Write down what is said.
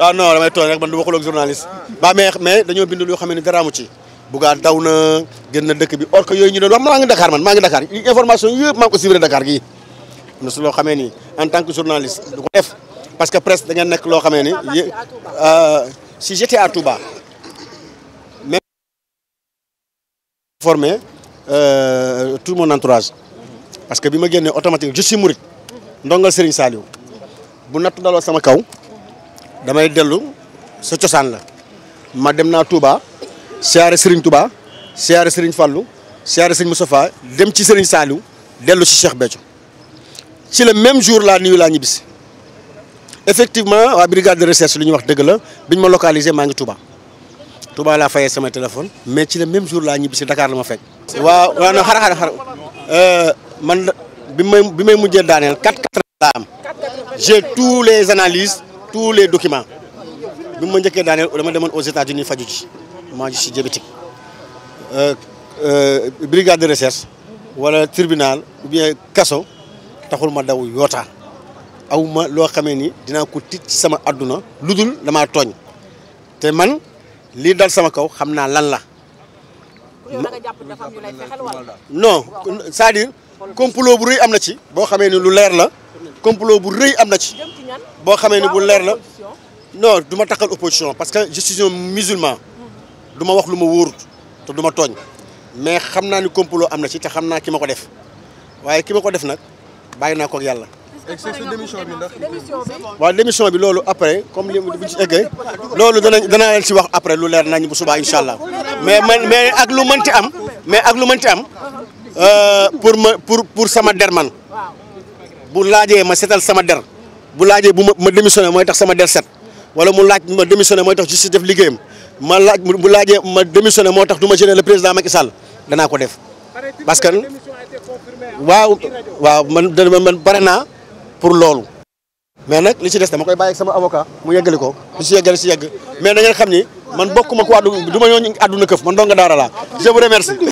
ah non damay tooñ rek man du ko loog journaliste ba mais mais dañu bindu loo xamné ne garaamu ci bugaan daw na genn dekk bi orko yoy ñu doon wax ma nga Dakar man ma nga Dakar information yëpp ma ko suivre Dakar gi na su lo xamé ni en tant que journaliste du ko def parce que presse da nga nek lo xamé ni euh si j'étais à Touba mais formé euh, tout mon entourage parce que bima genné automatique je suis mouride ndongal Serigne Saliou bu natt dalo sama kaw damay delu sa cosaan la ma dem naa Touba siyaare Serigne Touba siyaare Serigne Fallou siyaare Serigne Moustapha dem ci Serigne Saliou delu ci Cheikh Béthio ci le même jour la nuyu la ñibbisi effectivement la brigade de recherche li ñu wax deug la bi ma localisé maa ngi Touba Touba la fayé sama téléphone mais ci le même jour la ñibbisi Dakar la ma fekk. wa wa no xara xara euh man bi may bi may mujjee 4 4 am j'ai tous les analyses tous les documents bi ma njëkkee daaneel dama demoon aux États-Unis faju ji maa ji si diabétique euh, euh, brigade de recherche wala tribunal ou bien kaso taxul ma daw yootaa aw ma loo xamee ni dinaa ko tiit sama àdduna lu dul damaa tooñ te man lii dal sama kaw xam naa lan la non c'est-à-dire complot bu rëy am na ci boo xamee ni lu leer la complot bu suis amna ci bo xamé ni bu leer la non Je takal opposition parce que je suis un musulman musulman. Hmm. wax musulman. Je te Je mais xamna ni complot musulman. je ci te xamna suis ko def ko def ko ak démission bi démission bi musulman. après comme musulman. buñ ci après lu nañ bu mais mais ak lu am mais ak euh, pour ma pour pour sama bu laajee ma setal sama der bu laajee bu ma ma démissionné mooy tax sama der set wala mu laaj ma démissionné mooy tax justice def liggéeyam ma laaj bu laajee ma démissionné moo tax du ma gêner le président Macky Sall danaa ko def. parce que waaw waaw man man pare naa pour loolu. mais nag li ci des dama koy bàyyi ak sama avocat mu yeggali ko li ci yeggali si yegg mais na ngeen xam ni man bokkuma ko àddu du ma ñëw àdduna këf man dong daara laa je vous remercie.